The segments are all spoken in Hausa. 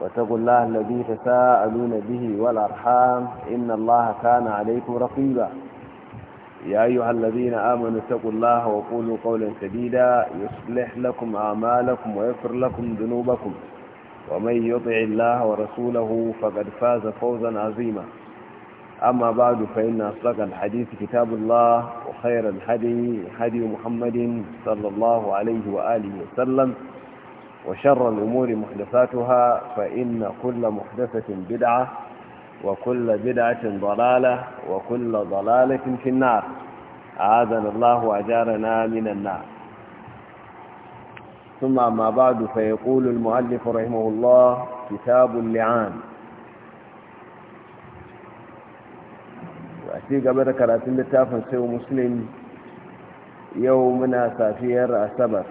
واتقوا الله الذي تساءلون به والأرحام إن الله كان عليكم رقيبا يا أيها الذين آمنوا اتقوا الله وقولوا قولا سديدا يصلح لكم أعمالكم ويغفر لكم ذنوبكم ومن يطع الله ورسوله فقد فاز فوزا عظيما أما بعد فإن أصدق الحديث كتاب الله وخير الحدي حدي محمد صلى الله عليه وآله وسلم وشر الأمور محدثاتها فإن كل محدثة بدعة وكل بدعة ضلالة وكل ضلالة في النار أعاذنا الله وأجارنا من النار ثم ما بعد فيقول المؤلف رحمه الله كتاب اللعان وأتي قبل كراتين لتافا سيو مسلم يومنا سافير السبب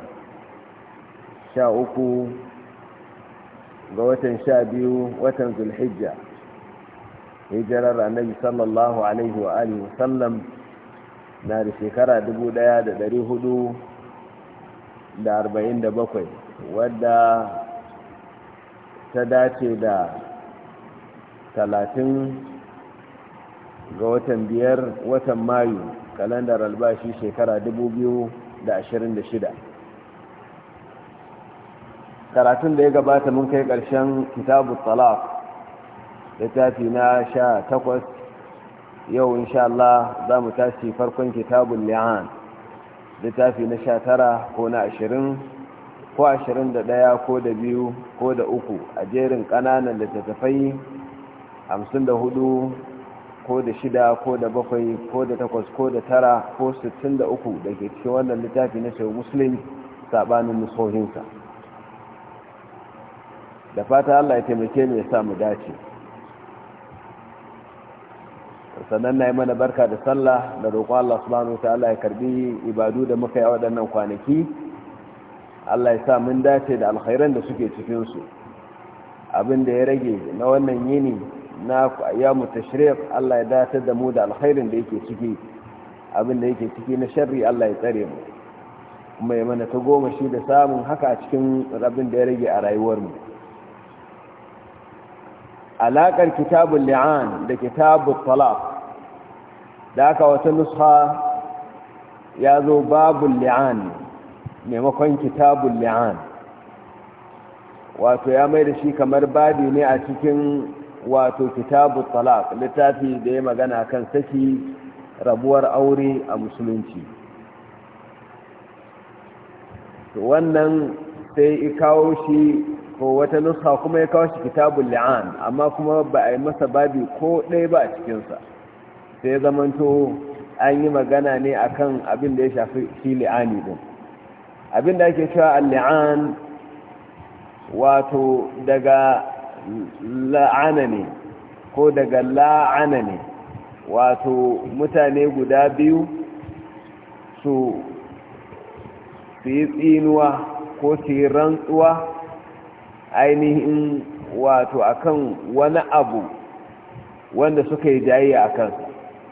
sha uku ga watan sha biyu watan zulhijja hijirar annabi sallallahu alaihi wa alihi wasallam na da shekara dubu da da da hudu da arba'in da bakwai wadda ta dace da talatin ga watan biyar watan mayu kalandar albashi shekara dubu biyu da ashirin da shida. karatun da ya gabata mun kai ƙarshen kitabu talaq littafi na sha takwas yau insha Allah za mu tashi farkon kitabun li'an littafi na sha tara ko na ashirin ko ashirin da ɗaya ko da biyu ko da uku a jerin ƙananan littattafai hamsin da hudu ko da shida ko da bakwai ko da takwas ko da tara ko sittin da uku da ke cikin wannan littafi na shawu musulun saɓanin musohinsa da fata Allah ya taimake mu ya sa mu dace sannan na yi mana barka da sallah da roƙon Allah subhanahu wa ta'ala ya karbi ibadu da muka yi waɗannan kwanaki Allah ya sa mun dace da alkhairan da suke cikin su abin da ya rage na wannan yini na ayyamu tashriq Allah ya dace da mu da alkhairin da yake ciki abin da yake ciki na sharri Allah ya tsare mu kuma ya mana ta goma shi da samun haka cikin rabin da ya rage a rayuwar mu alaƙar kitabun li'an da kitabun talaq da aka wata nusha ya zo babun li'an maimakon kitabun li'an wato ya mai da shi kamar babi ne a cikin wato kitabun talaq littafi da ya magana kan saki rabuwar aure a musulunci wannan sai kawo shi ko wata nusa kuma ya kawo shi kitabun li'an amma kuma ba a yi masa babi ko ɗaya ba a cikinsa sai zamanto an yi magana ne a kan abin da ya shafi shi li'ani ɗin abin da ake cewa a lian wato daga la'ana ne ko daga la'ana ne wato mutane guda biyu su su yi tsinuwa ko su yi rantsuwa ainihin wato akan wani abu wanda suka yi jayayya a kansa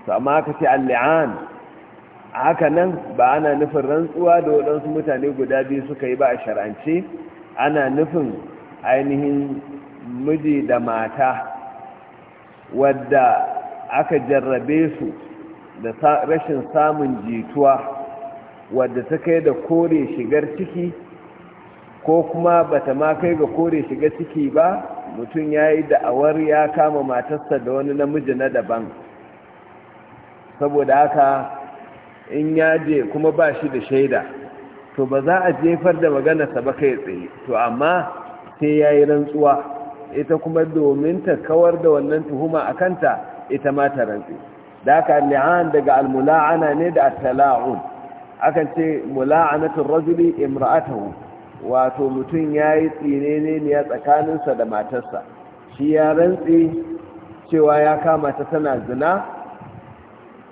su amma aka ce al'an haka nan ba ana nufin rantsuwa da waɗansu mutane guda biyu suka yi ba a shar'ance ana nufin ainihin miji da mata wadda aka jarrabe su da rashin samun jituwa wadda ta kai da kore shigar ciki ko kuma bata ma kai ga kore shiga ciki ba mutum ya yi da'awar ya kama matarsa da wani namiji na daban saboda haka in ya je kuma ba shi da shaida to ba za a jefar da maganarsa ba kai tsaye to amma sai ya yi rantsuwa ita kuma domin ta kawar da wannan tuhuma a kanta ita ma ta rantsu. da haka li'an daga almula'ana ne da tala'un akan ce mula'anatul rajuli imra'atahu wato mutum ya yi tsine ne ya tsakaninsa da matarsa shi ya rantse cewa ya kama ta tana zina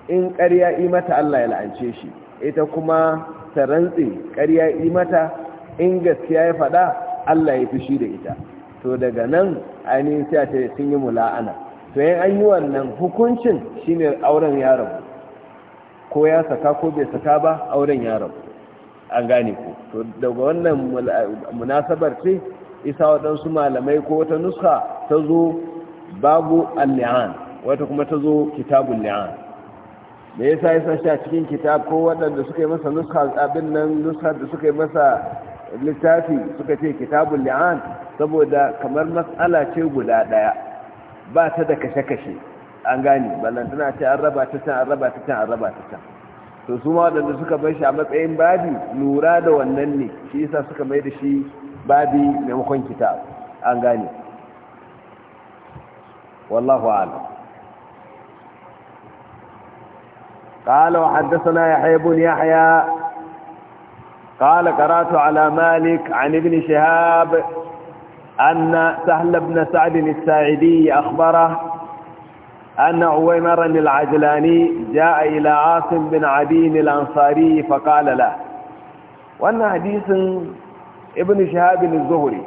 in ƙarya yi mata Allah ya la'ance shi ita kuma ta rantse ƙarya yi mata in gaskiya ya faɗa Allah ya fushi da ita to daga nan ainihin sai ta sun yi mula'ana to yin an yi wannan hukuncin ne auren yaron ko ya saka ko bai saka ba auren ya an gane ku to daga wannan munasabar ce isa waɗansu malamai ko wata nuska ta zo babu al nian wata kuma ta zo kitabun li'an me yasa ya a cikin kitab ko waɗanda suka yi masa nuska abin nan nuska da suka yi masa littafi suka ce kitabun li'an saboda kamar mas'ala ce guda ɗaya ba ta da kashe-kashe an gane ballantana ce an raba ta can an raba ta can an raba ta can to su ma wadanda suka bai shi a matsayin babi lura da wannan ne shi yasa suka mai da shi babi maimakon kita an gane wallahu a'lam قال وحدثنا يحيى بن يحيى قال قرات على مالك عن ابن شهاب أن سهل بن سعد الساعدي أخبره أن عويمرا العجلاني جاء إلى عاصم بن عدين الأنصاري فقال له وأن حديث ابن شهاب الزهري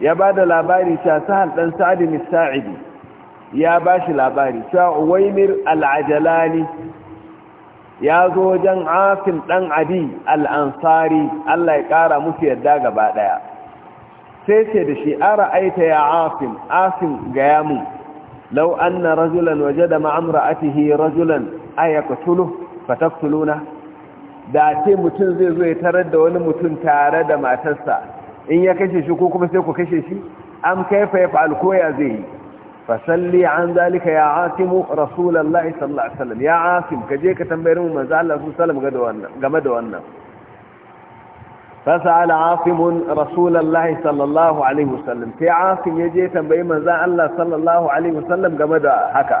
ya ba da labari cewa sahal ɗan sa'adin sa'idi ya ba shi labari cewa waimir al'ajalani ya zo wajen afin ɗan adi al'ansari Allah ya ƙara musu yadda gaba ɗaya sai ce da shi ara aita ya afin afin gaya mun law anna rajulan wajada ma'a imra'atihi rajulan ayaqtulu fataqtuluna da ce mutum zai zo ya tarar da wani mutum tare da matarsa in ya kashe shi ko kuma sai ku kashe shi am kaifa yaf'al ko ya zai yi fasalli an zalika ya asimu rasulullahi sallallahu alaihi wasallam ya asim kaje ka tambayar mu manzo Allah sallallahu alaihi game da wannan Fasa ala afimun sallallahu alaihi wa sallam sai afim ya je tambayi manzan Allah sallallahu alaihi wa game da haka.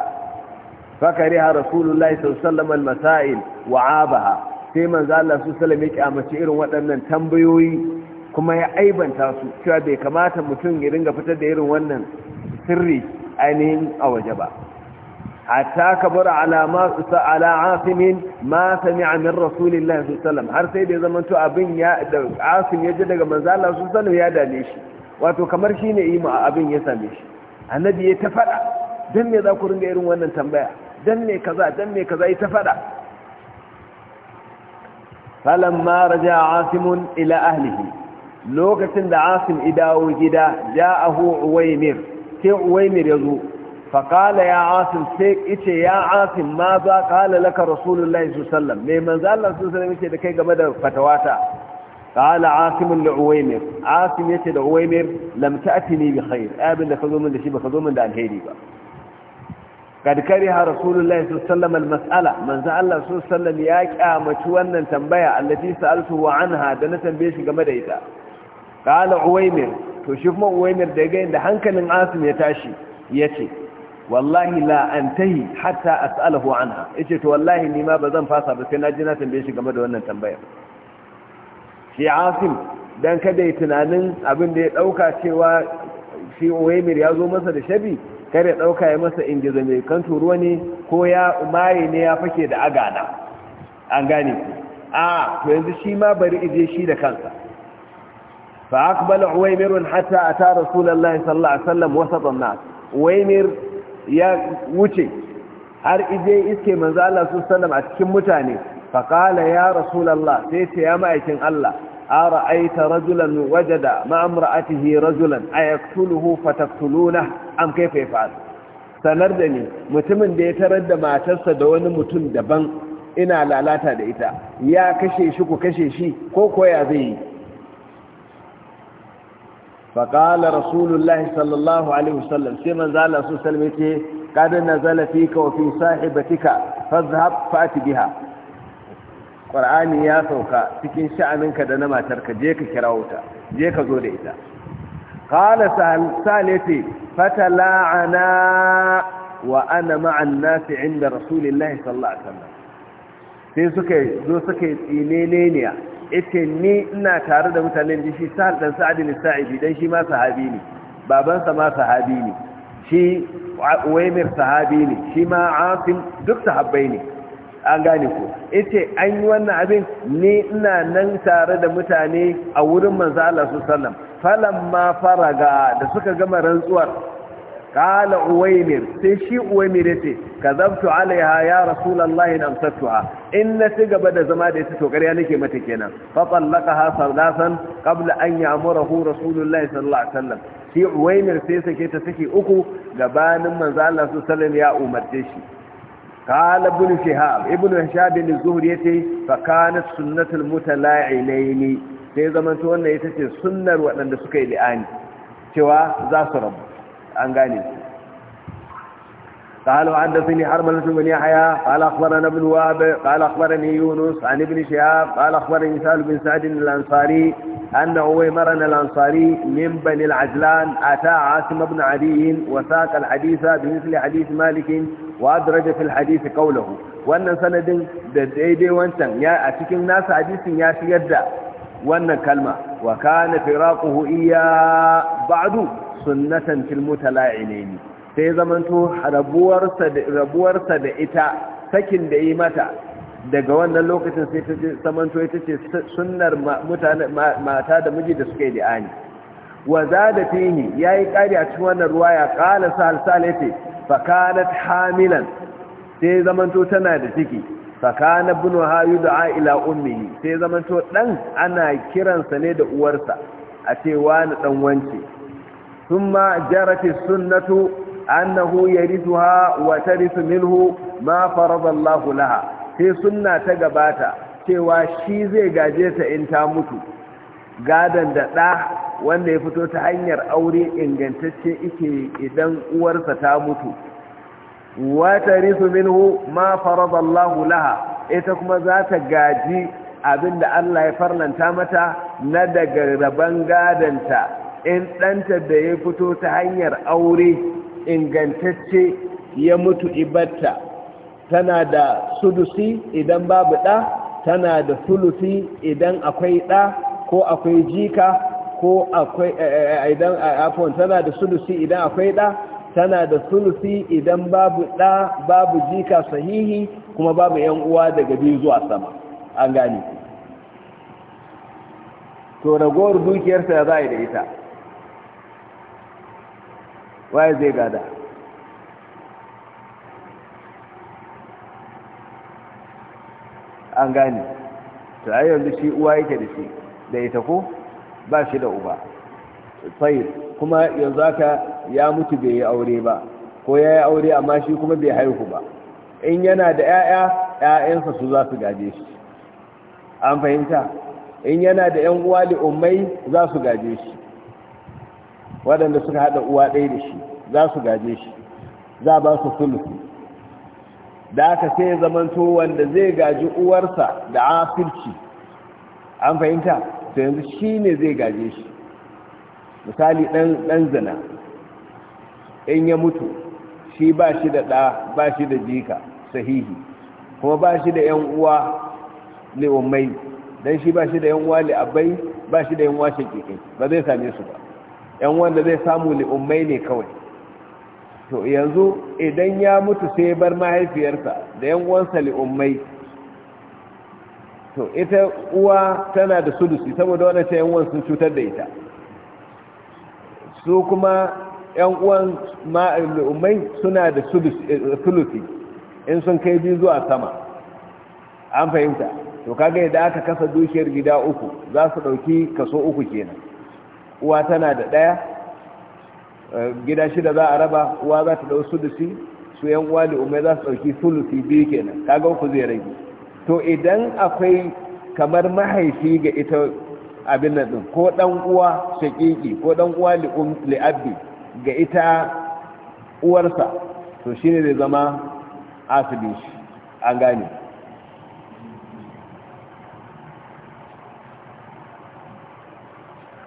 Fakarai a rasulillah sallallahu alaihi wa sallam Al-Masa'il wa'abaha sai manza Allah sallam yaƙi irin waɗannan tambayoyi kuma ya aibanta su cewa bai kamata mutum ya dinga fitar da irin wannan sirri ainihin a waje ba. hatta kabar alama ala asimin ma sami'a min rasulillahi sallallahu alaihi wasallam har sai da zaman to abin ya da asim ya ji daga manzo Allah sallallahu alaihi wasallam ya dame shi wato kamar shine yi abin ya same shi annabi ya ta fada dan me za ku ringa irin wannan tambaya dan me kaza dan me kaza ya ta fada falamma raja'a asimun ila ahlihi lokacin da asim idawo gida ja'ahu uwaymir sai uwaymir ya zo faƙala ya asim sai ice ya asim ma za ƙala laka rasulullahi su sallam mai manzalar su sallam ce da kai game da fatawata ƙala asimin da uwaimir asim ya ce da uwaimir lamta ati ne bi khair abin da ka zo min da shi ba ka zo min da alheri ba kad kariha rasulullahi su sallam Mas'ala, manzo Allah su sallam ya kyamaci wannan tambaya allati sa'altu wa anha da na tambaye shi game da ita ƙala uwaimir to shi kuma uwaimir da ga inda hankalin asim ya tashi ya ce wallahi la an tahi hatta anha yace to wallahi ni ma bazan fasa ba sai na ji na tambaye shi game da wannan tambayar shi asim dan kada ya tunanin abin da ya dauka cewa shi uwaimir ya zo masa da shabi kar ya dauka ya masa ingiza mai kan turuwa ne ko ya mare ne ya fake da agana an gane ku a to yanzu shi ma bari ije shi da kansa fa aqbala uwaimir hatta ata rasulullahi sallallahu alaihi wasallam wasatan nas uwaimir ya wuce har ije iske manzo Allah sallallahu a cikin mutane faqala ya rasulullah sai ce ya ma'aikin Allah ara'aita rajulan wajada ma amra'atihi rajulan ayaktuluhu fataktuluna am kayfa yaf'al sanar da ni mutumin da ya tarar da matarsa da wani mutum daban ina lalata da ita ya kashe shi ku kashe shi ko koya zai yi faƙala rasulullahi sallallahu alaihi wasallam sai manzo Allah su salme ce kad nazala fika wa fi sahibatika fadhhab fati biha qur'ani ya sauka cikin sha'aninka da na matarka je ka kirawo ta je ka zo da ita qala sahal salati fatala'ana wa ana ma'an nasi inda rasulillahi sallallahu alaihi wasallam sai suka zo tsineneniya ita ni ina tare da mutanen da shi sa'ad dan sa'ad ne sa'idi dan shi ma sahabi ne babansa ma sahabi ne shi uwaimir sahabi ne shi ma asim duk sahabbai ne an gane ko ita an yi wannan abin ni ina nan tare da mutane a wurin manzo Allah sallallahu alaihi wasallam falamma faraga da suka gama rantsuwar قال أويمر سيشي أويمرتي كذبت عليها يا رسول الله إن أمسكتها إن سيقبل زمادة تتوقري لك متكنا فطلقها ثلاثا قبل أن يأمره رسول الله صلى الله عليه وسلم شي أويمر سيسكي تسكي أكو قبان من زال الله صلى الله عليه وسلم يا أمرتشي قال ابن شهاب ابن شهاب الزهريتي فكانت سنة المتلاعنين sai zamanto wannan ita ce sunnar waɗanda suka yi li'ani cewa za su rabu an gane قال وحدثني حرملة بن يحيى قال أخبرنا ابن وهب قال أخبرني يونس عن ابن شهاب قال أخبرني سهل بن سعد الأنصاري أن عويمرا الأنصاري من بني العجلان أتى عاصم بن عدي وساق الحديث بمثل حديث مالك وأدرج في الحديث قوله وأن سند ديدي وانتن يا أتكين ناس حديث يا شيدا وأن كلمة wa kana firaquhu iya ba'du sunnatan fil mutala'inaini sai zamanto rabuwarsa da rabuwarsa da ita sakin da yi mata daga wannan lokacin sai ta zamanto ita ce sunnar mutane mata da miji da suke da ani wa zada fihi yayi kari a cikin wannan ruwaya qala sal salati fa kanat hamilan sai zamanto tana da ciki bin wahayu da Aila, ummihi sai zamanto dan ana kiransa ne da uwarsa a cewa wani dan wance thumma jarati sunnatu annahu yarithuha wa tarithu minhu ma farada Allah laha sai sunna ta gabata cewa shi zai gaje ta in ta mutu gadan da da wanda ya fito ta hanyar aure ingantacce yake idan uwarsa ta mutu Wata tarisu minhu ma faradallahu laha ita kuma za ta gaji abinda Allah ya farlanta mata na daga rabon gadanta in ɗanta da ya fito ta hanyar aure ingantacce ya mutu ibatta tana da sudusi idan babu ɗa tana da sulusi idan akwai ɗa ko akwai jika ko akwai eh, eh, eh, idan afon tana da sulusi idan akwai ɗa tana da sulusi idan babu ɗa babu jika sahihi kuma babu yan uwa daga biyu zuwa sama an gane to ragowar dukiyarsa ya za a yi da ita waye zai gada an gane to yi yanzu shi uwa yake da shi da ita ko ba shi da uba sai kuma yanzu haka ya mutu bai yi aure ba ko ya yi aure amma shi kuma bai haihu ba in yana da 'ya'ya 'ya'yansa su za su gaje shi an fahimta in yana da 'yan uwa da ummai za su gaje shi waɗanda suka haɗa uwa ɗaya da shi za su gaje shi za ba su da aka sai zamanto wanda zai gaji uwarsa da afirci an fahimta to yanzu shi ne zai gaje shi misali ɗan zina in ya mutu shi ba shi da ɗa ba shi da jika sahihi kuma ba shi da ‘yan uwa liwammai don shi ba shi da ‘yan uwa li'abbai ba shi da ‘yan uwa shakikai ba zai same su ba ‘yan wanda zai samu li'ummai ne kawai to yanzu idan ya mutu sai bar mahaifiyarsa da ‘yan uwansa li'ummai to ita uwa tana da sulusi saboda wadda ta ‘yan uwan sun cutar da ita su kuma yan uwan ma'alumai suna da sulusi in sun kai biyu zuwa sama an fahimta to kaga yadda aka kasa dukiyar gida uku za su dauki kaso uku kenan uwa tana da daya eh, gida shida za a raba uwa za ta dau sulusi su yan uwa da umai za su dauki sulusi biyu kenan kaga uku zai rage to idan akwai kamar mahaifi ga ita abin nan din ko dan uwa shaqiqi ko dan uwa li um, abbi ga ita uwarsa to shine zai zama asibi shi an gane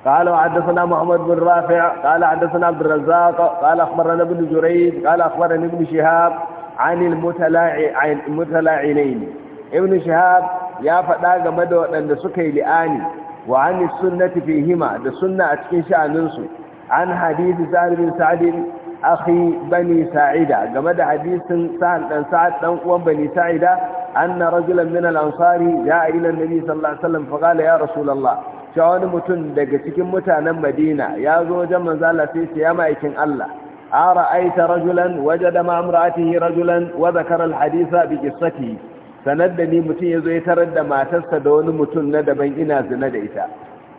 قال حدثنا محمد بن رافع قال حدثنا عبد الرزاق قال اخبرنا ابن جريج قال اخبرني ابن شهاب عن المتلاعنين ابن شهاب يا فدا game da waɗanda suka yi li'ani wa an sunnati fihima da sunna a cikin sha'aninsu an hadisi sa'ad bin akhi bani sa'ida game da hadisin sa'ad dan sa'ad dan uwan bani sa'ida anna rajulan min al-ansari ya ila annabi sallallahu alaihi wasallam fa qala ya rasulullah cewa wani mutum daga cikin mutanen madina ya zo wajen manzala sai sai ya maikin Allah An ra'aita rajulan waje da ma'amuratihi rajulan wadda karar hadisa bi kisati sanar da ni mutum ya zo ya tarar da matarsa da wani mutum na daban ina zina da ita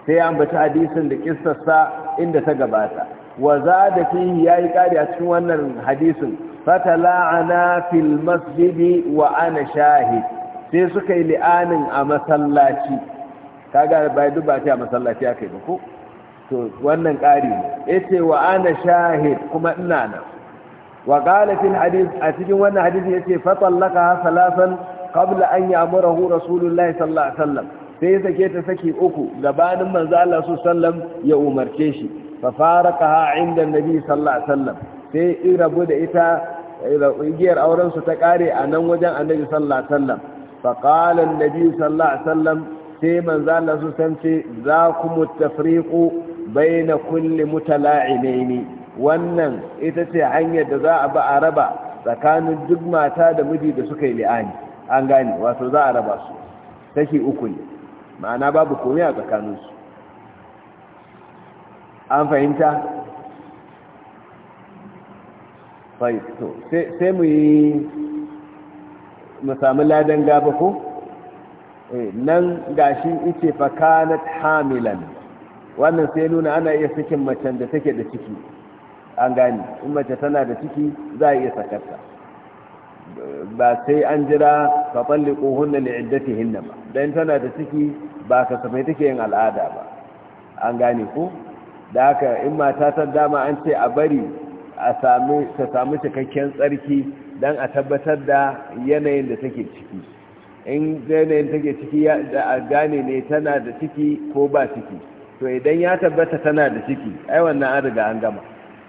sai ya ambata hadisin da kissarsa inda ta gabata wa za da fihi ya yi ƙari a cikin wannan hadisin fata la'ana fil masjidi wa ana shahid sai suka yi li'anin a masallaci kaga bai duba ta masallaci aka yi ba ko to wannan kari ne yace wa ana shahid kuma ina nan wa qala fil hadith a cikin wannan hadisi yace fa tallaka salasan qabla an ya'murahu rasulullahi sallallahu alaihi wasallam sai ya sake ta saki uku gabanin manzo Allah sallallahu alaihi ya umarce shi fa faraqaha inda annabi sallallahu alaihi wasallam sai irabu da ita igiyar auren su ta kare a nan wajen annabi sallallahu alaihi wasallam fa qala annabi sallallahu alaihi wasallam sai manzo Allah sallallahu alaihi wasallam ce za ku mutafriqu baina kulli mutala'inaini wannan ita ce hanyar da za a ba a raba tsakanin duk mata da miji da suka yi li'ani an gani wato za a raba su kashi uku ne ma'ana babu komai a tsakaninsu an fahimta sai mu yi musamman ladan gaba ko eh, nan gashi ice fakanat hamilan wannan sai nuna ana iya sakin macen da take da ciki an gani in mace tana da ciki za a iya sakarta ba sai an jira ka tsalli kohunna da hinna ba don tana da ciki ba ka same take yin al'ada ba an gane ko da haka in mata ta dama an ce a bari a sami ta cikakken tsarki don a tabbatar da yanayin da take ciki in yanayin take ciki da a gane ne tana da ciki ko ba ciki to idan ya tabbata tana da ciki ai wannan an riga an gama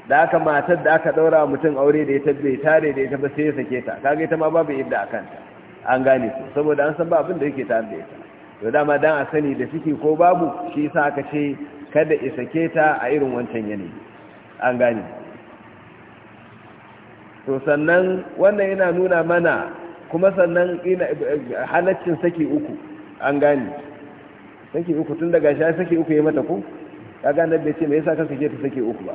da aka matar da aka daura mutum aure da ya tabbe tare da ya tabbe sai ya sake ta kaga ita ma babu yadda a kanta an gane ku saboda an san ba abin da yake tare da ita to dama dan a sani da ciki ko babu shi yasa aka ce kada ya sake ta a irin wancan yanayi an gane to sannan wannan yana nuna mana kuma sannan ina halaccin saki uku an gane saki uku tun daga shi saki uku ya mata ko kaga nan bai ce me yasa ka sake ta saki uku ba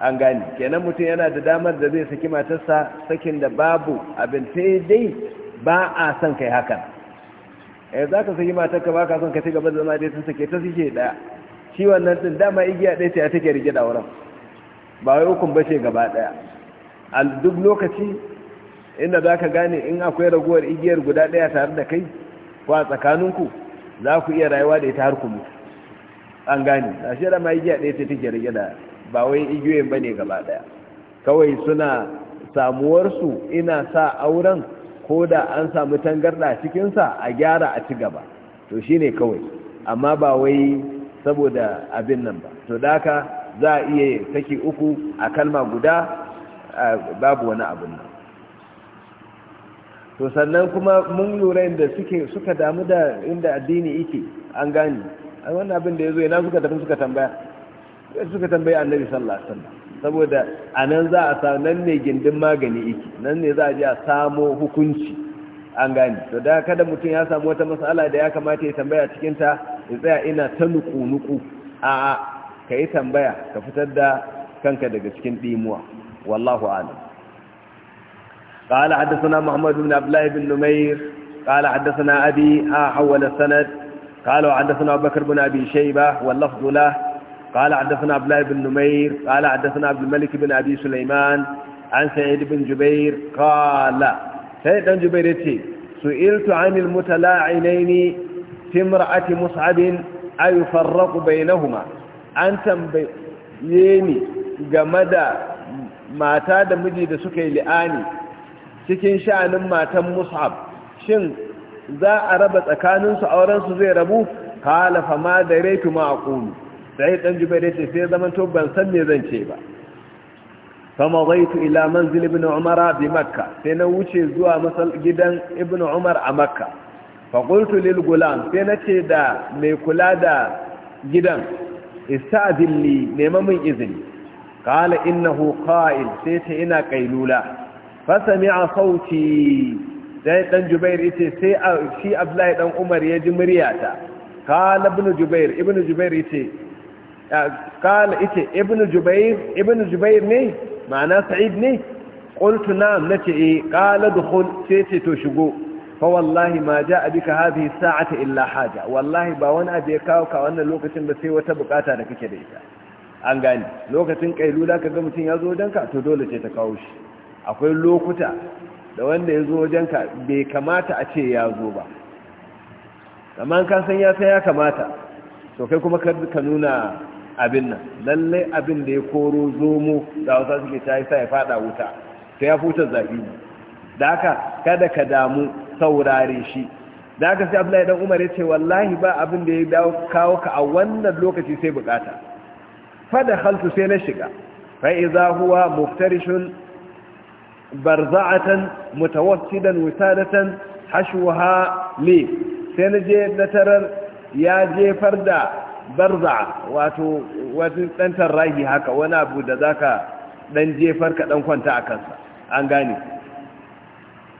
an gani kenan mutum yana da damar da zai saki matarsa sakin da babu abin sai dai ba a son kai hakan eh za ka saki matarka ba ka son ka ci gaba da zama dai sun sake ta suke daya shi wannan din dama igiya ɗaya ta take rige da wurin ba wai hukun bace gaba daya a duk lokaci inda za ka gane in akwai raguwar igiyar guda daya tare da kai ko a tsakaninku za ku iya rayuwa da ita har ku mutu an gane a da ma igiya ɗaya ta take rige da ba wai igiyoyin ba ne gaba daya kawai suna samuwarsu ina sa auren ko da an samu tangarda cikinsa a gyara a ci gaba to shi ne kawai amma ba wai saboda abin nan ba to daka za a iya saki uku a kalma guda babu wani abin nan to sannan kuma mun lura inda suka damu da inda addini ike an gani wannan abin da ya zo yana suka tafi suka tambaya suka tambayi annabi sallallahu alaihi wasallam saboda a nan za a samu nan ne gindin magani yake nan ne za a je a samo hukunci an gani to da kada mutum ya samu wata mas'ala da ya kamata ya tambaya cikin ta ya tsaya ina ta nuku-nuku a ka yi tambaya ka fitar da kanka daga cikin dimuwa wallahu alam قال حدثنا محمد بن عبد الله بن نمير قال حدثنا أبي ها حول السند قال حدثنا أبو بكر بن أبي شيبة واللفظ له قال حدثنا عبد الله بن نمير قال حدثنا عبد الملك بن أبي سليمان عن سعيد بن جبير قال سعيد بن جبير يتي سئلت عن المتلاعنين في امرأة مصعب أيفرق بينهما أن تنبيني جمدا mata da miji da suka yi li'ani cikin sha'anin matan mus'ab shin za a raba tsakaninsu aurensu zai rabu kala fama da raitu ma a sai dan jubair ya ce sai zaman to ban san me zan ce ba famawaitu ila manzil ibn umara bi makka sai na wuce zuwa masal gidan ibn umar a makka fa qultu lil gulam sai na ce da mai kula da gidan ista'din li nema min izini qala innahu qa'il sai ce ina qailula fa sami'a sauti sai dan jubair yace sai shi abdullahi dan umar ya ji muryata qala ibn jubair ibn jubair yace قال إتي ابن جبير ابن جبير ني معناه سعيد ني قلت نعم نتي قال دخل سيتي تشقو فوالله ما جاء بك هذه الساعة إلا حاجة والله باوان أبيكاوك وأن اللوكة بسي وتبقاتا لكك ديتا an gani lokacin kailula ka ga mutum ya zo ka? to dole ce ta kawo shi akwai lokuta da wanda ya zo ka? bai kamata a ce ya ba amma ka san ya sai ya kamata to kai kuma ka nuna abin nan lallai abin da ya koro zomo da hausa suke ta yi sa ya fada wuta ta ya futa zafi da haka kada ka damu saurare shi da haka sai abdullahi dan umar ya ce wallahi ba abin da ya dawo kawo ka a wannan lokaci sai bukata fada haltu sai na shiga fa idza huwa muftarishun barza'atan mutawassidan wisadatan hashwaha li sai na je na tarar ya jefar da barza wato wani ɗan tarrahi haka wani abu da za ka ɗan jefar ka ɗan kwanta a kansa an gane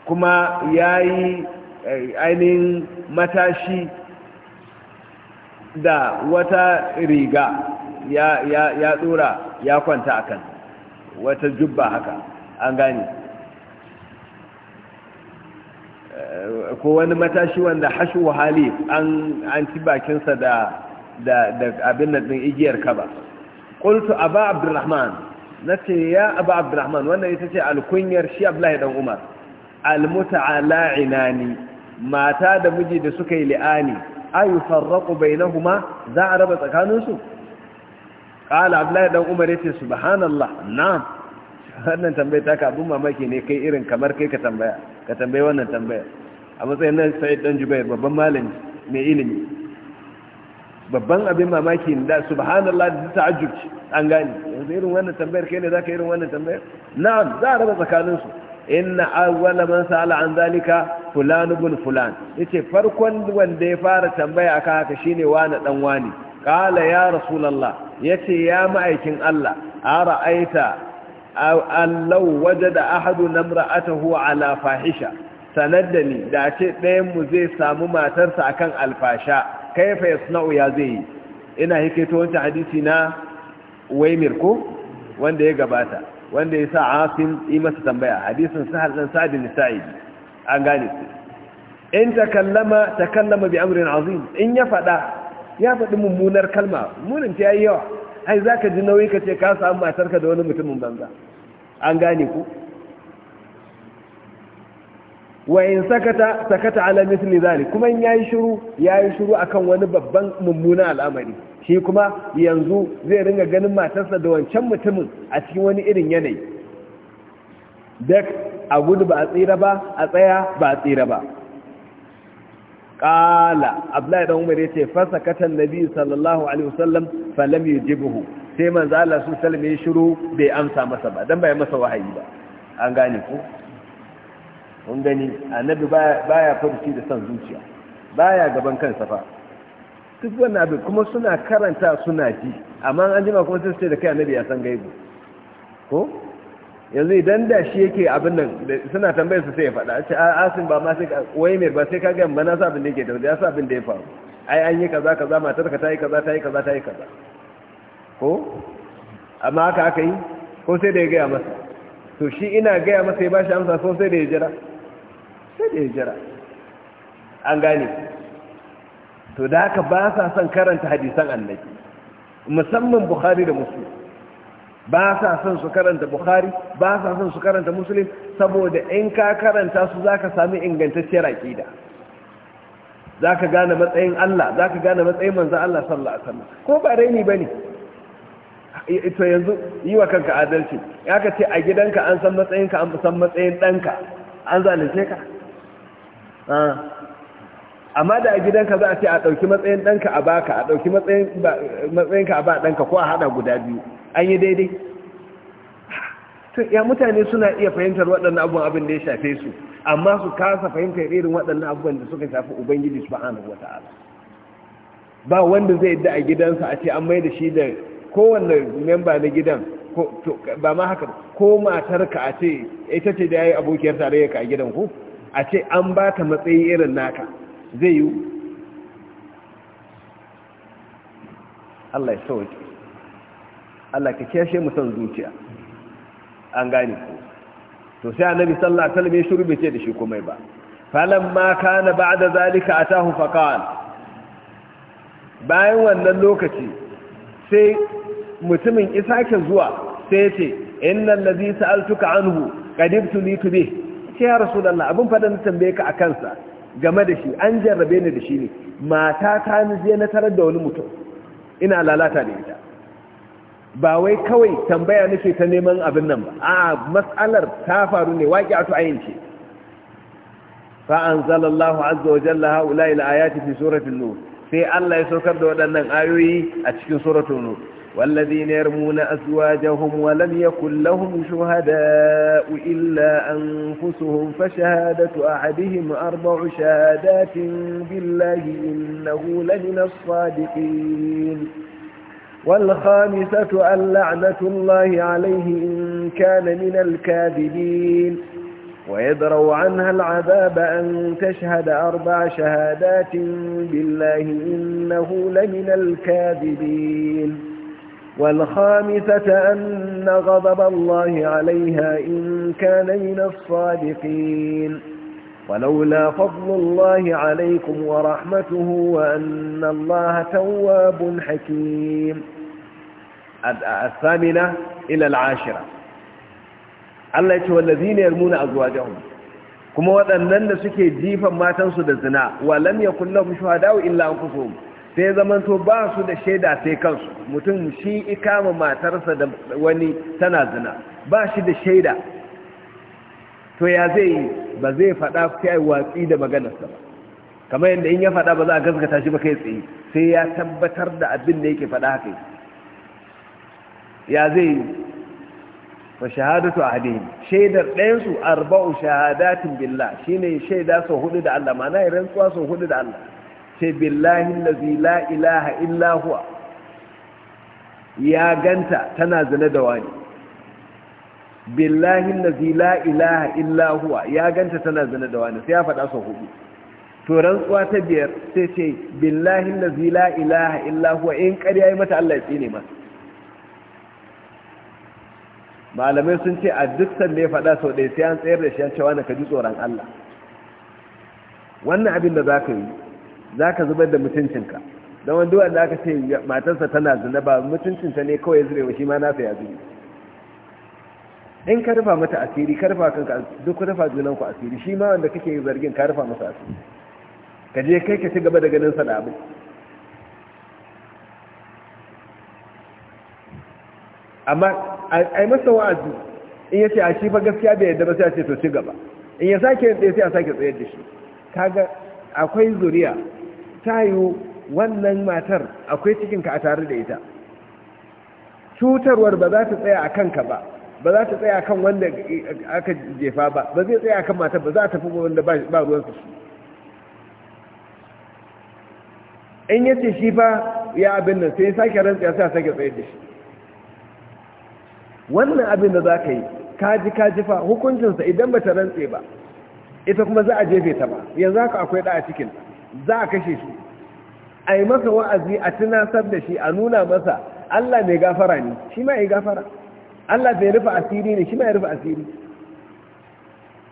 kuma ya yi eh, ainihin matashi da wata riga ya tsora ya kwanta a kansa, wata jubba haka an gane eh, ko wani matashi wanda hashu hali an ci bakinsa da da abin nan din igiyar kaba qultu aba abdurrahman nace ya aba abdurrahman wannan ita ce alkunyar shi abdullahi dan umar inani mata da miji da suka yi li'ani ayu farraqu bainahuma za a raba tsakaninsu qala abdullahi dan umar yace subhanallah na'am wannan tambayar ta abun mamaki ne kai irin kamar kai ka tambaya ka tambaye wannan tambayar a matsayin nan sai dan jubair babban malami mai ilimi babban abin mamaki da subhanallah da ta'ajjub an gani yanzu irin wannan tambayar kai ne zaka irin wannan tambayar na'am za a raba tsakanin su inna awwala man sa'ala an zalika fulan ibn fulan yace farkon wanda ya fara tambaya aka haka shine wani dan wani qala ya rasulullah yace ya ma'aikin Allah ara'aita allau wajada ahaduna imra'atahu ala fahisha sanadda ni da ce ɗayan mu zai samu matarsa akan alfasha kaifa yasna'u ya zai ina hikaito wancan hadisi na waimir ko wanda ya gabata wanda ya sa asim yi masa tambaya hadisin sahal dan sa'id bin sa'id an gane su in takallama takallama bi amrin azim in ya fada ya fadi mummunar kalma munin ta yayi yawa ai zaka ji nauyi kace ka samu matarka da wani mutumin banza an gane ku wa in sakata sakata ala misli zalik kuma in yayi shiru yayi shiru akan wani babban mummuna al'amari shi kuma yanzu zai ringa ganin matarsa da wancan mutumin a cikin wani irin yanayi dak a gudu ba a tsira ba a tsaya ba a tsira ba qala abdullahi dan umar yace fa sakata annabi sallallahu alaihi wasallam fa lam yujibuhu sai manzo Allah su sallame shiru bai amsa masa ba dan bai masa wahayi ba an gane ku kun gani annabi baya farci da son zuciya baya gaban kansa fa duk wannan abin kuma suna karanta suna ji amma an jima kuma sai su ce da kai annabi ya san gaibu ko yanzu idan da shi yake abin nan suna tambayar su sai ya faɗa ce asin ba ma sai ka wai mai ba sai ka ga ba sa abin da yake ya sa abin da ya faru ai an yi kaza kaza matar ka ta yi kaza tayi kaza ta yi kaza ko amma haka aka yi ko sai da ya gaya masa to shi ina gaya masa ya ba shi amsa so sai da ya jira sai da ya jira an gane to da haka ba sa son karanta hadisan annabi musamman bukhari da muslim ba sa son su karanta bukhari ba sa son su karanta muslim saboda in ka karanta su zaka sami ingantacciyar aqida zaka gane matsayin Allah zaka gane matsayin manzon Allah sallallahu alaihi wasallam ko ba raini bane to yanzu yi wa kanka adalci ya ka ce a gidanka an san matsayinka an san matsayin danka an zalunce ka Ah. amma da a gidanka za a ce a ɗauki matsayin ɗanka a baka a ɗauki matsayinka a ba ɗanka ko a haɗa guda biyu an yi daidai ya mutane suna iya fahimtar waɗannan abubuwan abin da ya shafe su amma su kasa fahimtar irin waɗannan abubuwan da suka shafi ubangiji su wata ala? ba wanda zai da a gidansa a ce an mai da shi da kowanne memba na gidan ba ma haka ko matarka a ce ita ce da ya yi abokiyar ka a gidan ku a ce an ba ta matsayi irin naka zai yi Allah ya sauke Allah ka kyashe mu san zuciya an gane ko to sai annabi sallallahu alaihi wasallam ya shuru ce da shi komai ba ma kana ba'da zalika atahu faqal bayan wannan lokaci sai mutumin ke zuwa sai ce innal ladhi sa'altuka anhu qadibtu li tubih ce ya Allah abin fada na tambaye ka a kansa game da shi an jarrabe ni da shi ne mata ta je na tarar da wani mutum ina lalata da ita ba wai kawai tambaya nake ta neman abin nan ba a matsalar ta faru ne waƙi a tu'ayin ce fa'an zalallahu azza wa jalla ha'ula ila ayati fi suratul nur sai Allah ya saukar da waɗannan ayoyi a cikin suratul nur والذين يرمون أزواجهم ولم يكن لهم شهداء إلا أنفسهم فشهادة أحدهم أربع شهادات بالله إنه لمن الصادقين والخامسة اللعنة الله عليه إن كان من الكاذبين ويدروا عنها العذاب أن تشهد أربع شهادات بالله إنه لمن الكاذبين والخامسة أن غضب الله عليها إن كان من الصادقين ولولا فضل الله عليكم ورحمته وأن الله تواب حكيم الثامنة إلى العاشرة الله يتوى الذين يرمون أزواجهم كما وضع أن النسكي جيفا ما تنصد الزنا ولم يكن لهم شهداء إلا أنفسهم sai zamanto ba su da shaida sai kansu mutum shi ikama matarsa da wani tana zina ba shi da shaida to ya zai yi ba zai faɗa kai watsi da maganarsa ba kamar yadda in ya fada ba za a gaskata shi ba kai tsaye sai ya tabbatar da abin da yake fada haka ya zai yi wa shahadatu ahadin shaidar ɗayansu su arba'u shahadatin billah shine shaida sau hudu da Allah ma'ana rantsuwa sau hudu da Allah ce billahi lazi la ilaha Illahuwa ya ganta tana zina da wani billahi lazi la ilaha Illahuwa ya ganta tana zina da wani sai ya faɗa sau hudu to tsuwa ta biyar sai ce billahi lazi la ilaha illa in ƙarya yi mata Allah ya tsine masa malamai sun ce a duk sanda ya faɗa sau ɗaya sai an tsayar da shi an cewa na ka ji tsoron Allah wannan abin da za ka yi za ka zubar da mutuncinka don wanda wanda aka ce matarsa tana zina ba mutuncinta ne kawai wa shi ma nasa ya zube. in ka rufa mata asiri ka rufa kanka duk ku rufa junanku asiri shi ma wanda kake zargin ka rufa masa asiri ka je kai ka ci gaba da ganin sa da abu amma ai masa wa'azi in ya ce a shi fa gaskiya bai yadda ba sai a ce to ci gaba in ya sake yin ɗaya sai a sake tsayar da shi kaga akwai zuriya tayo wannan matar akwai cikinka a tare da ita cutarwar ba za ta tsaya a kanka ba ba za ta tsaya a kan wanda aka jefa ba ba zai tsaya a kan matar ba za ta fi wanda ba ruwansu su. in yace shi fa ya abin nan sai sake ya sai sake tsaye da shi wannan abin da za ka yi kaji kaji fa hukuncinsa idan ba ta rantse ba ita kuma za a jefe ta ba yanzu haka akwai ɗa a cikinta za a kashe shi a yi masa wa'azi a tunasar da shi a nuna masa Allah mai gafara ne shi ma ya gafara Allah bai rufe asiri ne shi ma ya rufe asiri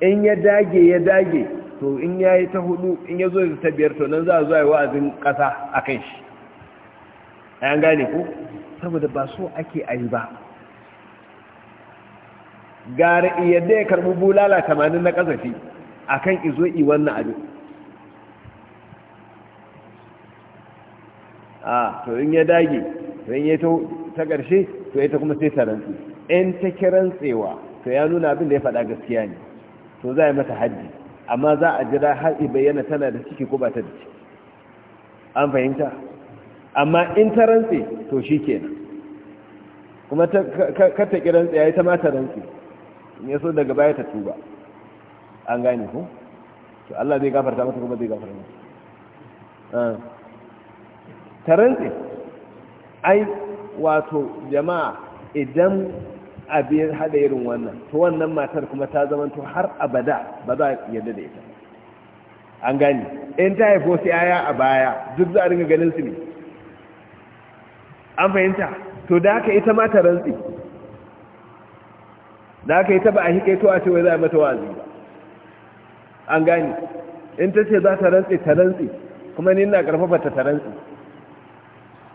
in ya dage ya dage to in ya yi ta hudu in ya zo ta biyar to nan za a zuwa wa'azin ƙasa a kan shi an gane ku saboda ba so ake a yi ba gari yadda ya karɓi bulala tamanin na ƙasafi a kan izo i wannan abin a to in ya dage to in ya ta ƙarshe to ita kuma sai ta rantsu in ta kirantsewa to ya nuna abin da ya faɗa gaskiya ne to za a yi mata haddi amma za a jira har bayyana tana da ciki ko ba ta da ciki an fahimta amma in ta rantse to shi kenan kuma ka ta ƙi rantse ya yi ta ma ta rantse in ya so daga baya ta tuba an gane ko to Allah zai gafarta mata kuma zai gafarta mata ah. ta ai wato jama'a idan abin hada irin wannan to wannan matar kuma ta to har abada ba za a yarda da ita an gani in ta haifo sai aya a baya duk za a ringa ganin su ne an fahimta to da haka ita ma ta rantsi da haka ita ba a hike to a ce wai za a mata wazi ba an gani in ta ce za ta rantsi ta rantsi kuma ni na karfafa ta ta rantsi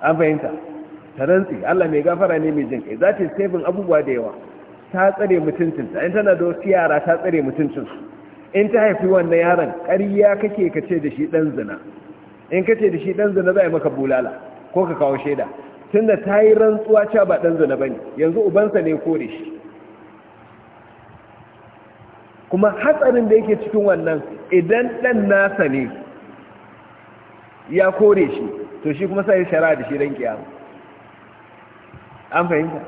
an fahimta ta rantsi Allah mai gafara ne mai jin kai za ta abubuwa da yawa ta tsare mutuncinta in tana da wasu yara ta tsare mutuncinsu in ta haifi wannan yaron ƙarya kake ka ce da shi ɗan zina in ka ce da shi ɗan zina za a yi maka bulala ko ka kawo shaida tun da ta yi rantsuwa cewa ba ɗan zina ba ne yanzu ubansa ne kore shi kuma hatsarin da yake cikin wannan idan ɗan nasa ne ya kore shi to shi kuma sai shara da shi dan kiyama an fahimta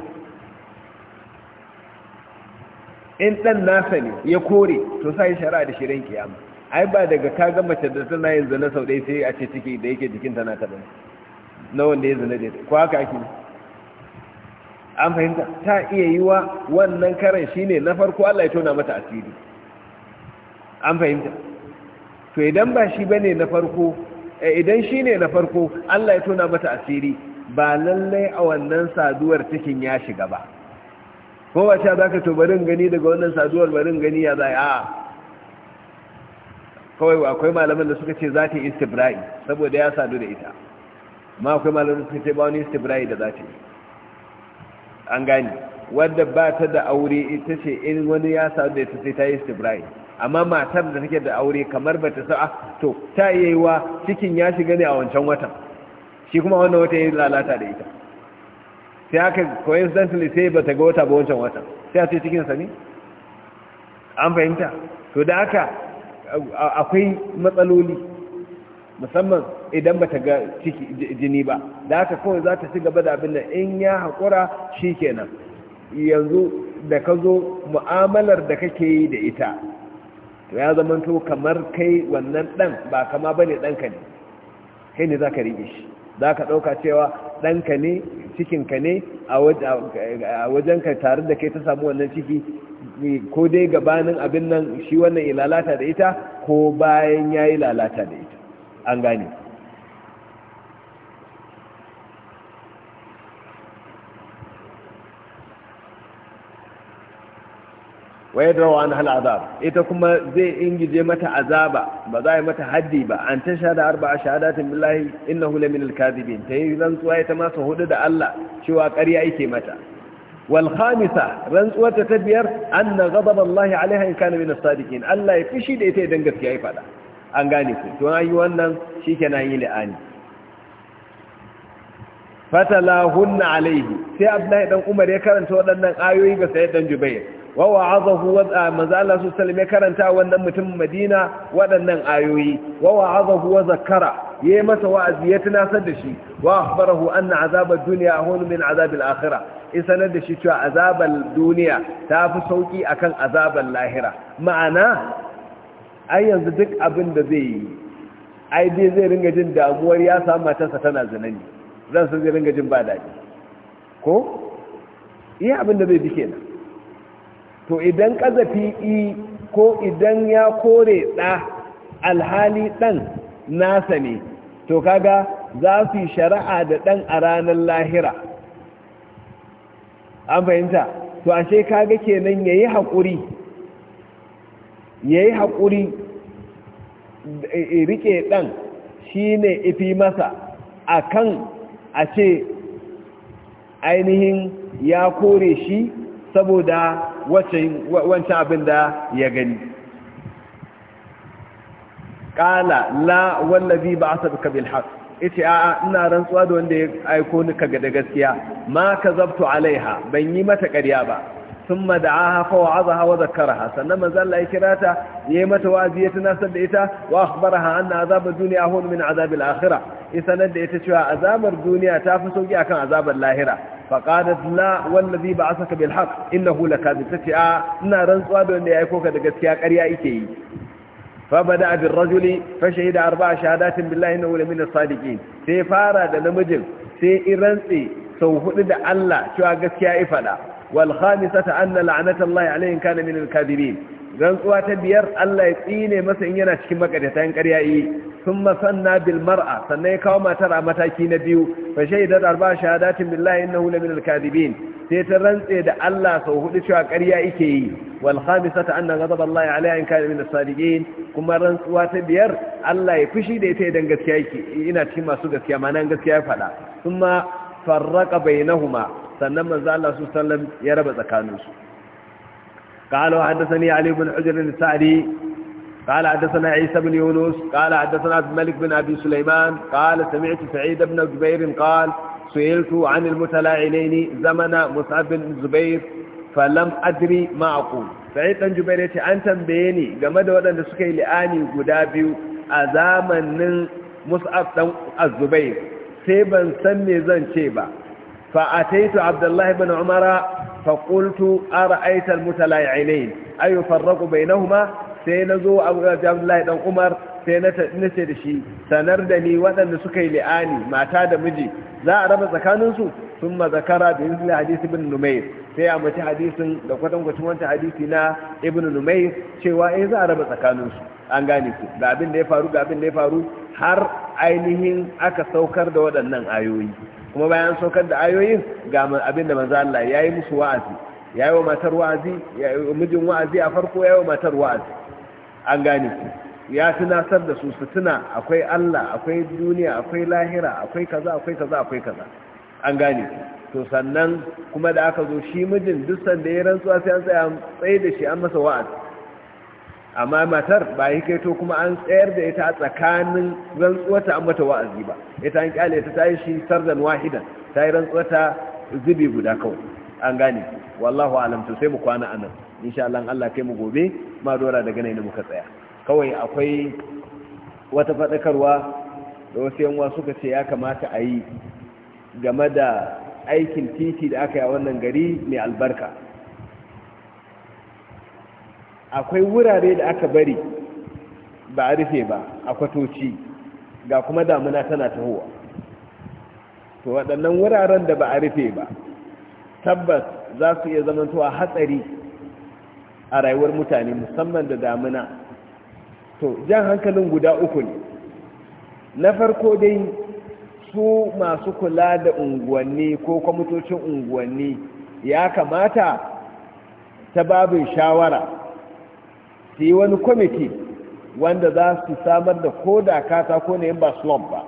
in dan nasa ne ya kore to sai shara da shi dan kiyama ai ba daga ka ga mace da tana yin zina sau ɗaya sai a ce ciki da yake jikin tana ta dan na wanda ya zina da ko haka ake an fahimta ta iya yi wa wannan karan shine na farko Allah ya tona mata asiri an fahimta to idan ba shi bane na farko Eh, idan shi ne na farko Allah ya tona mata asiri ba lallai a wannan saduwar cikin ya shiga ba kowace za ka barin gani daga wannan saduwar barin gani ya zai a kawai akwai malaman da suka ce za ta yi istibra'i saboda ya sadu da ita ma akwai malaman da suka ce ba wani istibra'i da za ta yi an gani wadda ba ta da aure ita ce in wani ya sadu da ita sai ta yi istibra'i amma matar da take da aure kamar bata sa'a ah, to ta yayiwa cikin ya shiga ne a wancan watan shi kuma wannan wata ya lalata da ita sai aka coincidentally sai bata ga wata ba wancan watan sai a ce cikin sa ne an fahimta to da haka akwai matsaloli musamman idan bata ga jini ba da haka kawai za ta ci gaba da abin da in ya haƙura shi kenan yanzu da ka zo mu'amalar da kake yi da ita to ya zama to kamar kai wannan dan ba kama ba ne ɗanka ne kai ne za ka riƙe shi za ka ɗauka cewa ɗanka ne cikinka ne a wajen ka tare da kai ta samu wannan ciki ko dai gabanin abin nan shi wannan ilalata da ita ko bayan ya yi lalata da ita an gane waye rawa an hal azab ita kuma zai ingije mata azaba ba za yi mata haddi ba an ta shahada arba'a shahadatin billahi innahu lamin alkazibin ta yi rantsuwa ita ma su hudu da Allah cewa ƙarya yake mata wal khamisa rantsuwar ta ta biyar anna ghadab Allah alaiha in kana min as-sadiqin Allah ya fishi da ita idan gaskiya ya fada an gane ku to an yi wannan shikenan yi la'ani fatalahunna alaihi sai Abdullahi dan Umar ya karanta waɗannan ayoyi ga Sayyid dan Jubair Wawa wa'azahu wa manzo Allah su sallame karanta wannan mutum Madina waɗannan ayoyi Wawa wa'azahu wa ya yi masa wa'azi ya tunasar da shi wa akhbarahu anna azabar duniya dunya ahun min azab al-akhirah isanar da shi cewa azabar duniya ta fi sauki akan azabar lahira ma'ana ai yanzu duk abin da zai yi ai dai zai ringa jin damuwar ya samu matarsa tana zinani zan san zai ringa jin ba daɗi ko iya abin da zai bi kenan to idan kazafi i ko idan ya kore ɗa alhali ɗan nasa ne to kaga za su yi shari'a da ɗan a ranar lahira an fahimta to a ashe kaga kenan ya yi haƙuri ya yi rike e, ɗan shi ne ifi masa a kan a ce ainihin ya kore shi saboda wancan abin da ya gani ƙala la wallazi ba a sabuka bilhaq ita a'a ina rantsuwa da wanda ya aiko ni ga da gaskiya ma ka zabtu alaiha ban yi mata ƙarya ba sun mada'aha aza hawa da zakkaraha sannan manzo ya kira ta yi mata wa'azi ya tunasar da ita wa akhbaraha anna azab ad-dunya hun min azab al-akhirah isanar da ita cewa azabar duniya ta fi sauki akan azabar lahira ba a saka والذي بعثك بالحق انه لكاذب تتي a ina rantsuwa da wanda ya aiko ka da gaskiya ƙarya yake yi fabada abin rajuli rajuli da arba arba'a shahadatin billahi innahu lamin as-sadiqin sai fara da namijin sai in rantsi sau hudu da Allah cewa gaskiya ya faɗa. wal khamisata anna la'natallahi alayhi kana min al-kadhibin rantsuwa ta biyar Allah ya tsine masa in yana cikin makarata yan ƙarya yi sun masanna bil mar'a sannan ya kawo matar a mataki na biyu fa shaidar arba shahadatin billahi innahu lamin al-kadibin sai ta rantse da Allah sau hudu cewa ƙarya yake yi wal khamisata anna ghadab Allah alaiha in kana min as-sadiqin kuma rantsuwa ta biyar Allah ya fushi da ita idan gaskiya yake ina cikin masu gaskiya ma nan gaskiya ya faɗa kuma farraqa bainahuma sannan manzo Allah sallallahu alaihi wasallam ya raba tsakaninsu قال وحدثني علي بن حجر السعدي قال حدثنا عيسى بن يونس قال حدثنا الملك بن أبي سليمان قال سمعت سعيد بن جبير قال سئلت عن المتلاعنين زمن مصعب بن زبير falam adri ma aqul sai dan yace an tambaye ni game da waɗanda suka yi li'ani guda biyu a zamanin mus'ab Ɗan az-zubair sai ban san zan ce ba fa abdullahi bin umara فقلت أرأيت المتلاعينين أي يفرق بينهما سينزو أبو عبد الله بن عمر سينتي دشي سنردني ودن سكي لآني ما تاد مجي لا رب زكانسو ثم ذكر بمثل حديث ابن نمير sai a mace hadisin da kwatankwacin wancan hadisi na ibn numai cewa eh za a raba tsakaninsu an gane su ga abin da ya faru ga abin da ya faru har ainihin aka saukar da waɗannan ayoyi kuma bayan saukar da ayoyin ga abin da manzo Allah ya yi musu wa'azi ya yi wa matar wa'azi ya yi mijin wa'azi a farko ya yi wa matar wa'azi an gane ya tunasar da su su tuna akwai Allah akwai duniya akwai lahira akwai kaza akwai kaza akwai kaza an gane to sannan kuma da aka zo shi mijin duk sanda ya rantsuwa sai an tsaya tsaye da shi an masa wa'azi amma matar ba yi kai to kuma an tsayar da ita a tsakanin rantsuwata an mata wa'azi ba ita an kyale ta tayi shi sardan wahidan tayi rantsuwata zubi guda kawai an gane wallahu alam to sai mu kwana anan insha Allah Allah kai mu gobe ma dora daga nan muka tsaya kawai akwai wata fadakarwa da wasu yanwa suka ce ya kamata a yi game da aikin titi da aka yi a wannan gari mai albarka akwai wurare da aka bari ba a rufe ba a kwatoci ga kuma damuna tana tahowa to waɗannan wuraren da ba a rufe ba tabbas za su iya zamantowa hatsari a rayuwar mutane musamman da damuna to jan hankalin guda uku ne na farko dai su masu kula da unguwanni ko kwamitocin unguwanni ya kamata ta babin shawara su yi wani kwamiti wanda za su samar da ko da katako ne ba slum ba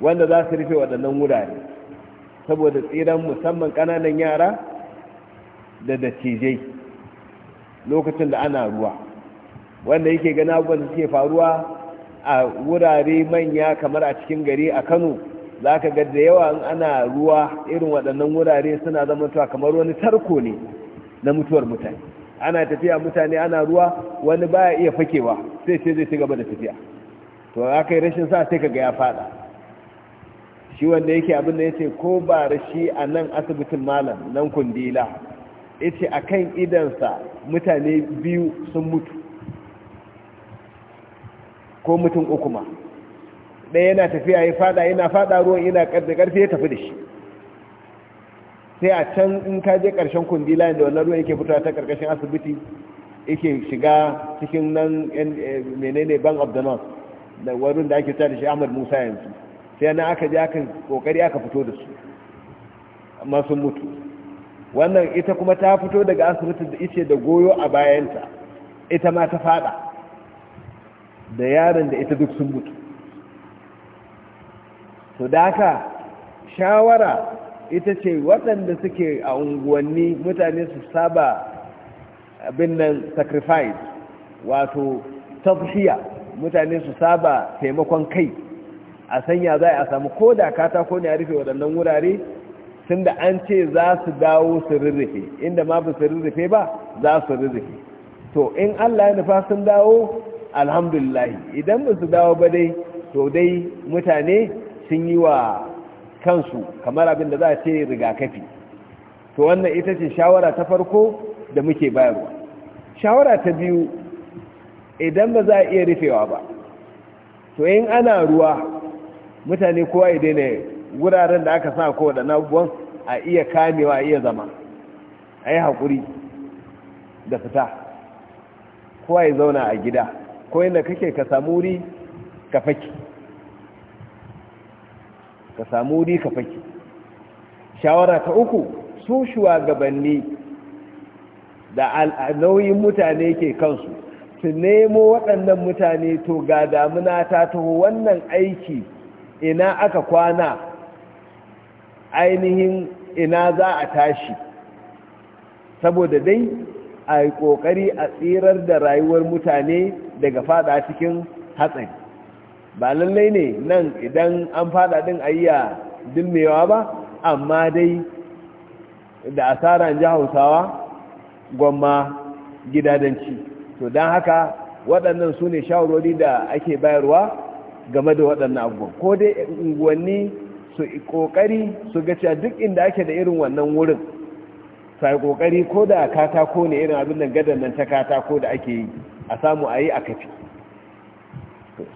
wanda za su rufe waɗannan wurare saboda tsiran musamman ƙananan yara da dattijai lokacin da ana ruwa wanda yake gana abubuwan da suke faruwa a wurare manya kamar a cikin gari a kano za ka ga da yawa in ana ruwa irin waɗannan wurare suna zama kamar wani tarko ne na mutuwar mutane ana tafiya mutane ana ruwa wani baya iya fakewa sai ce zai ci gaba da tafiya to aka yi rashin sa sai kaga ya fada shi wanda yake abin da yace ko ba rashi a nan asibitin malam nan kundila yace akan idansa mutane biyu sun mutu ko mutum uku ma ɗaya yana tafiya ya fada yana fada ruwan yana karfe ya tafi da shi sai a can in ka je ƙarshen kundi layin da wannan ruwan yake fitowa ta ƙarƙashin asibiti yake shiga cikin nan eh, menene bank of the north da wurin da ake ta da shi ahmad musa yanzu sai na aka je aka kokari aka fito da su amma sun mutu wannan ita kuma ta fito daga asibiti da ice da goyo a bayanta ita ma ta fada da yaron da ita duk sun mutu to da haka shawara ita ce waɗanda suke a unguwanni mutane su saba abin nan sacrifice wato tafiya mutane su saba taimakon kai a sanya za a samu ko da katako ne a rufe waɗannan wurare Tunda da an ce za su dawo su rurrufe inda ma ba su rurrufe ba za su rurrufe to in allah ya nufa sun dawo alhamdulillahi idan ba su dawo ba dai to dai mutane sun yi wa kansu kamar abin da za a ce rigakafi to wannan ita ce shawara ta farko da muke bayarwa shawara ta biyu idan ba za a iya rufewa ba to in ana ruwa mutane kowa ya daina wuraren da aka sa kowa da nabuwan a iya kamewa a iya zama a yi haƙuri da fita kowa ya zauna a gida ko kake ka samu wuri ka fake ka samu wuri ka fake shawara ta uku su shugabanni da nauyin mutane ke kansu su nemo waɗannan mutane to ga damuna ta taho wannan aiki ina aka kwana ainihin ina za a tashi saboda dai a yi ƙoƙari a tsirar da rayuwar mutane daga fada cikin hatsari ba lallai ne nan idan an fada din ayya dilmewa ba amma dai da asara ji hausawa gwamma gidadanci to don haka waɗannan su ne shawarwari da ake bayarwa game da waɗannan abubuwan ko dai unguwanni su ƙoƙari su gaciya duk inda ake da irin wannan wurin sai ƙoƙari ko da katako ne irin abin da gadan nan ta katako da ake yi a samu a yi a kafi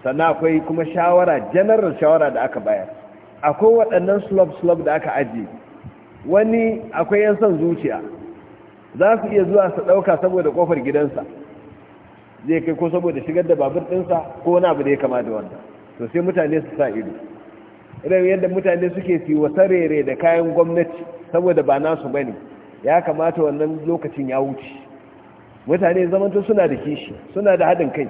sannan akwai kuma shawara general shawara da aka bayar akwai waɗannan slob-slob da aka ajiye wani akwai yan son zuciya za su iya zuwa su ɗauka saboda ƙofar gidansa zai kai ko saboda shigar da babur ɗinsa ko wani abu da ya kama da wanda. to sai mutane su sa ido irin yadda mutane suke fi rere da kayan gwamnati saboda ba nasu bane ya kamata wannan lokacin ya wuce mutane zamanta suna da kishi suna da haɗin kai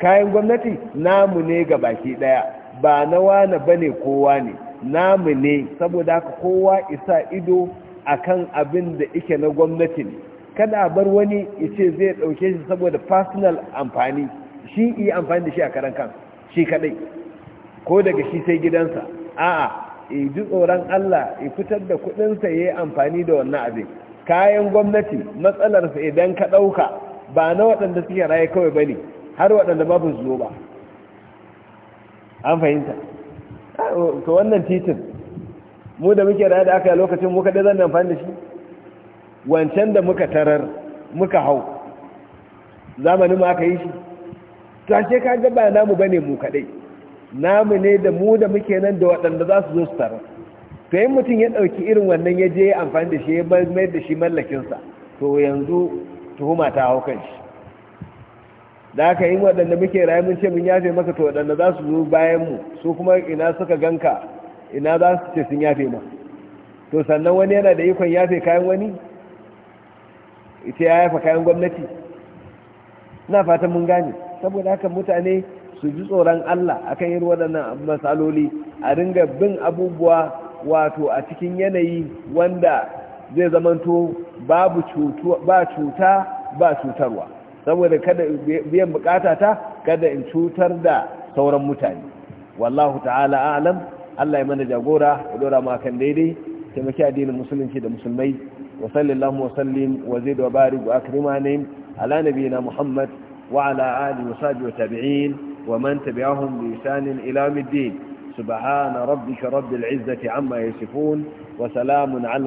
kayan gwamnati namu ne ga baki daya ba na wane bane kowa ne namu ne saboda haka kowa isa ido akan abin da ike na gwamnati ne kada a bar wani ice zai dauke shi saboda personal amfani shi yi amfani da shi a karan kan shi kadai ko daga shi sai gidansa a'a e ji tsoron Allah i fitar da kudinsa ya yi amfani da wannan abin kayan gwamnati matsalarsa idan ka dauka ba na waɗanda suke raye kawai ba ne. har waɗanda ba su zo ba an fahimta ta wannan titin mu da muke raya da aka yi lokacin muka ɗaya zan amfani da shi wancan da muka tarar muka hau zamanin ma aka yi shi to ce ka namu ba namu mu kaɗai namu ne da mu da muke nan da waɗanda za su zo su tarar to yin mutum ya ɗauki irin wannan ya je amfani da shi ya mayar da shi mallakinsa to yanzu tuhuma ta hau kan shi da aka in waɗanda muke rayu mun ce mun yafe maka to waɗanda za su zo bayan mu su kuma ina suka ganka ina za su ce sun yafe ma to sannan wani yana da ikon yafe kayan wani ita ya yafa kayan gwamnati na fatan mun gane saboda haka mutane su ji tsoron Allah akan yin waɗannan matsaloli a ringa bin abubuwa wato a cikin yanayi wanda zai zamanto babu ba cuta ba cutarwa saboda kada biyan bukata ta kada in cutar da sauran mutane wallahu ta'ala a'lam Allah ya mana jagora ya dora mu daidai taimaki addinin musulunci da musulmai wa sallallahu wa sallim wa zid wa barik wa akrimani ala nabiyina muhammad wa ala alihi wa sahbihi wa tabi'in wa man tabi'ahum bi ihsan ila yawmiddin سبحان ربك رب العزة عما يصفون وسلام على